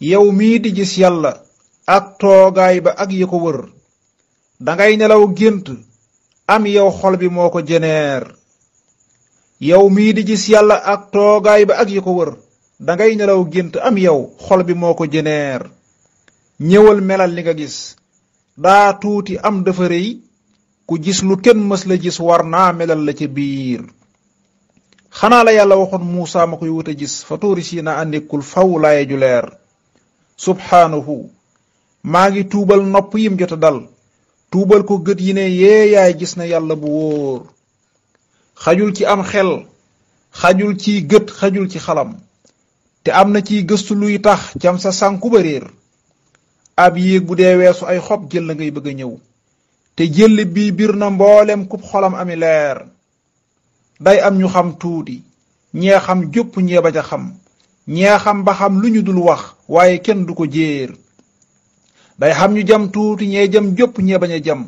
yow mii di gis yàlla ak toogaay ak yi ko wër dangay nelaw gént am yow xol bi moo ko jeneer yow mii di gis yàlla ak toogaay ba ak yi ko wër dangay nelaw gént am yow xol bi moo ko jeneer ñëwal melal li nga gis daa tuuti am dafa rëy ku gis lu kenn mës la gis war naa melal la ca biir xanaa la yàlla waxoon Muusaa ma koy wut gis fa tuuri siina a nekkul faw laaye ju leer subhaanahu maa ngi tuubal nopp yim jota dal tuubal ko gët yi ne yeeyaay gis na yàlla bu wóor xajul ci am xel xajul ci gët xajul ci xalam te am na ciy gëstu luy tax jam sa sànku ba réer ab yéeg bu dee weesu ay xob jël la ngay bëgg a ñëw te jël bii biir na mboolem ku xolam ami leer day am ñu xam tuuti ñee xam jëpp ñee bañ a xam ñee xam ba xam lu ñu dul wax waaye kenn du ko jéer day xam ñu jam tuuti ñee jam jópp ñee bañ jam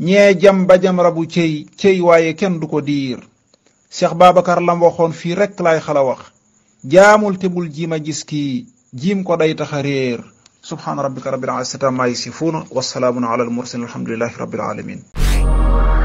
ñee jam ba jam rabu cey cey waaye kenn du ko diir Cheikh Babacar lam waxoon fii rek laay xala wax jaamul te bul jiima gis kii jiim ko day tax a réer subhaana rabbika rabbil izzati ammaa yasifuun wasalaamun ala al mursalin alhamdulilahi rabbil alamin